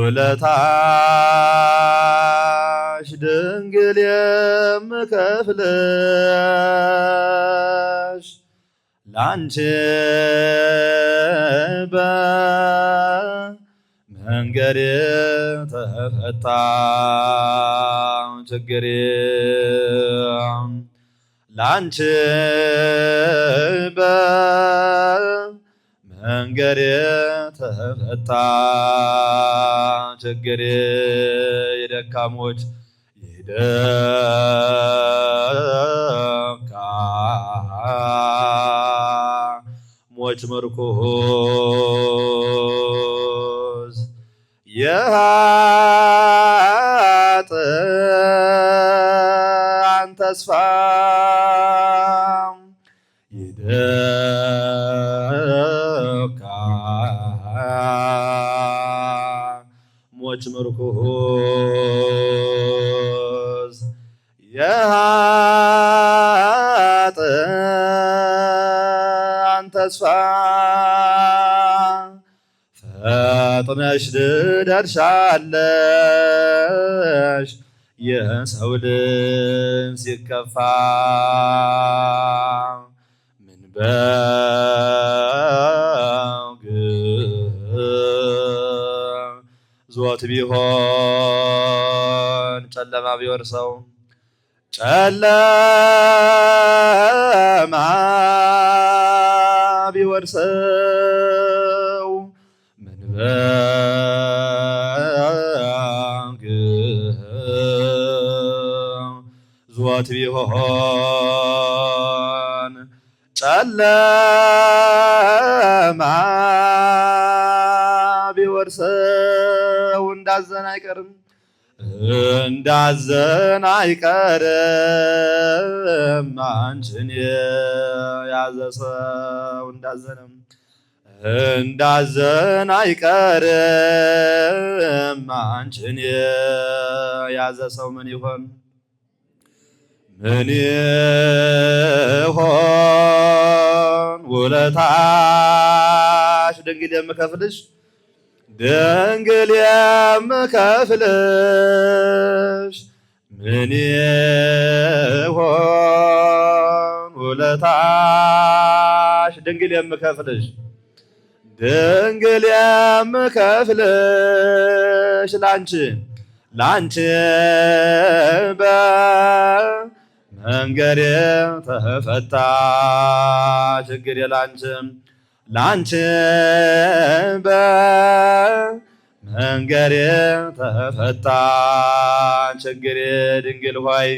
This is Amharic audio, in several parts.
ውለታሽ ድንግል የምከፍልሽ ላንቺ በመንገድ ተፈታ ችግር ላንቺ መንገድ ተፈታ፣ ችግር የደካሞች የደካሞች ሞች ምርኩዝ የኃጥአን ተስፋ ይደ መዝሙር ኩሑዝ የኃጥአን ተስፋ ፈጥነሽ ትደርሻለሽ የሰው ልብ ሲከፋ ምን በ ሞት ቢሆን ጨለማ ቢወርሰው ጨለማ ቢወርሰው መንበግህ ዞት ቢሆን ጨለማ ነው እንዳዘን አይቀርም እንዳዘን አይቀርም አንቺን የያዘ ሰው እንዳዘነም እንዳዘን አይቀርም አንቺን የያዘ ሰው ምን ይሆን ምን ይሆን ውለታሽ ድንግል የምከፍልሽ ድንግል የምከፍልሽ ምን ይሆን ውለታሽ? ድንግል የምከፍልሽ ድንግል የምከፍልሽ ላንቺ ላንቺ በመንገድ ተፈታ ችግር የላንችም ላንቺ በመንገድ ተፈታ ችግሬ ድንግል ሆይ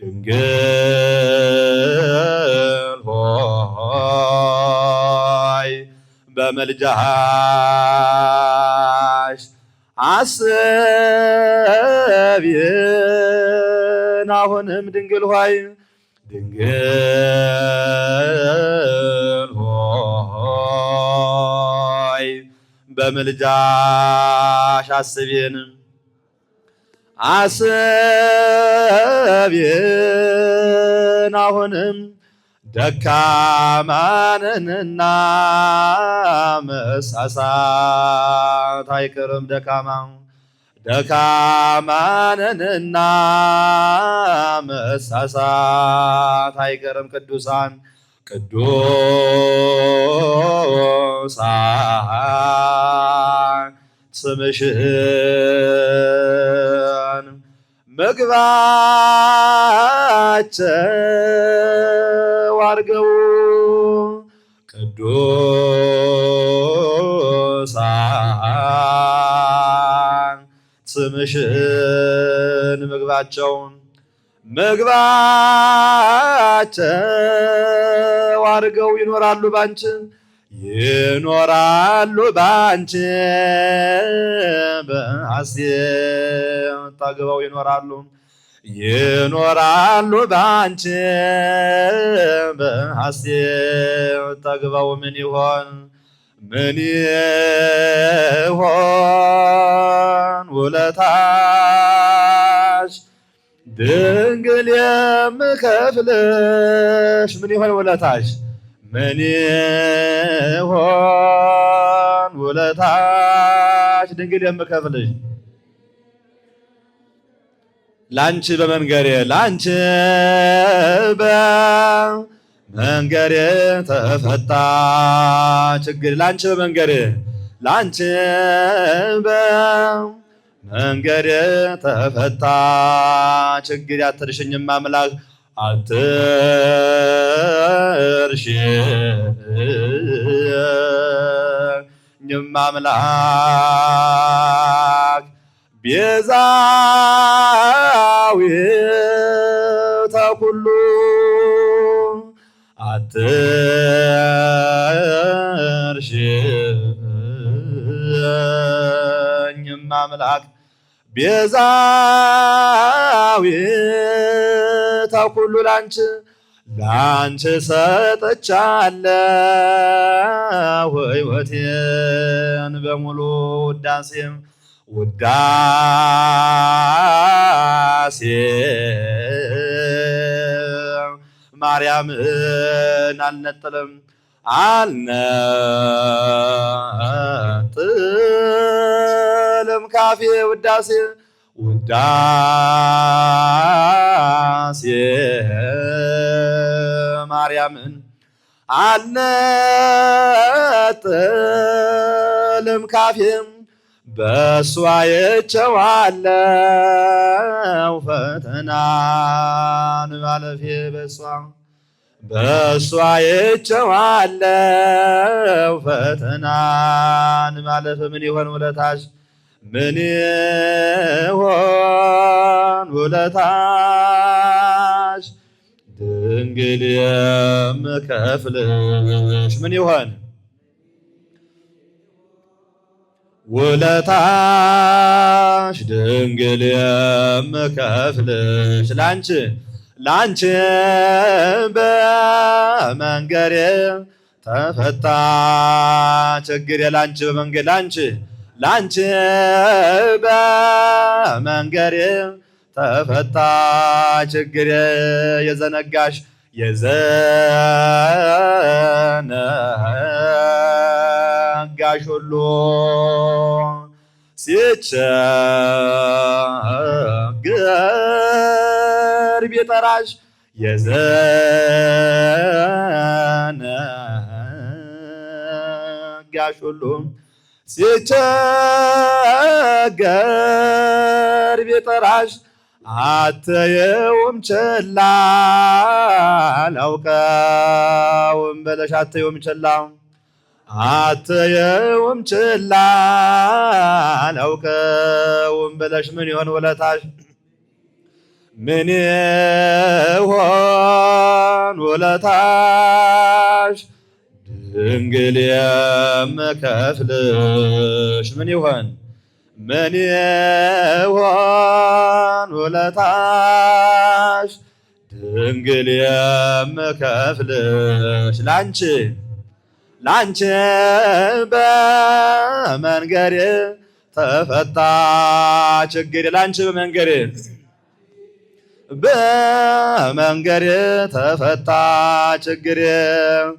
ድንግል ሆይ በመልጃሽ አስቢን አሁንም ድንግል ሆይ ድንግል በምልጃሽ አስቤን አስቤን አሁንም ደካማንንና መሳሳት አይቅርም ደካማ ደካማንንና መሳሳት አይቅርም ቅዱሳን ቅዱሳን ስምሽን ምግባቸው አድርገው ቅዱሳን ስምሽን ምግባቸውን ምግባቸው አድርገው ይኖራሉ ባንቺ ይኖራሉ ባንቺ በሐሴት ጠግበው ይኖራሉ ይኖራሉ ባንቺ በሐሴት ጠግበው ምን ይሆን ምን ይሆን ውለታሽ ድንግል የምከፍልሽ ምን ይሆን ውለታሽ? ምን ይሆን ውለታሽ? ድንግል የምከፍልሽ ላንቺ በመንገሬ ላንቺ በመንገሬ ተፈታ ችግር ላንቺ በመንገሬ ላንቺ በ መንገድ ተፈታ ችግር አትርሽኝም አምላክ አትርሽኝም አምላክ ቤዛዊ ተኩሉ አት የቅድስና መልአክ ቤዛዊተ ኩሉ ላንቺ ላንቺ ሰጥቻለሁ ሕይወቴን በሙሉ ውዳሴም ውዳሴ ማርያምን አልነጥልም አልነጥልም ለዘላለም ካፌ ውዳሴ ውዳሴ ማርያምን አልነጥልም ካፌም በእሷ የቸዋለው ፈተናን ባለፌ በእሷ በእሷ የቸዋለው ፈተናን ማለፍ ምን ይሆን ውለታሽ ምን ይሆን ውለታሽ ድንግል የምከፍልሽ ምን ይሆን ውለታሽ ድንግል የምከፍልሽ ላንቺ ላንቺ በመንገዴ ተፈታ ችግር የላንቺ በመንገድ ላንቺ ላንቺ በመንገድ ተፈታ ችግር የዘነጋሽ የዘነጋሽ ሁሉ ሲቸግር ቢጠራሽ የዘነጋሽ ሁሉም ሲቸገር ቢጠራሽ አተየውም ችላ አላውቀውም በለሽ አተየውም ችላ አተየውም ችላ አላውቀውም በለሽ ምን ይሆን ውለታሽ? ምን ይሆን ውለታሽ ድንግል የምከፍልሽ ምን ይሆን ምን ይሆን ውለታሽ? ድንግል የምከፍልሽ ላንቺ ላንቺ በመንገድ ተፈታ ችግር ላንቺ በመንገድ በመንገድ ተፈታ ችግር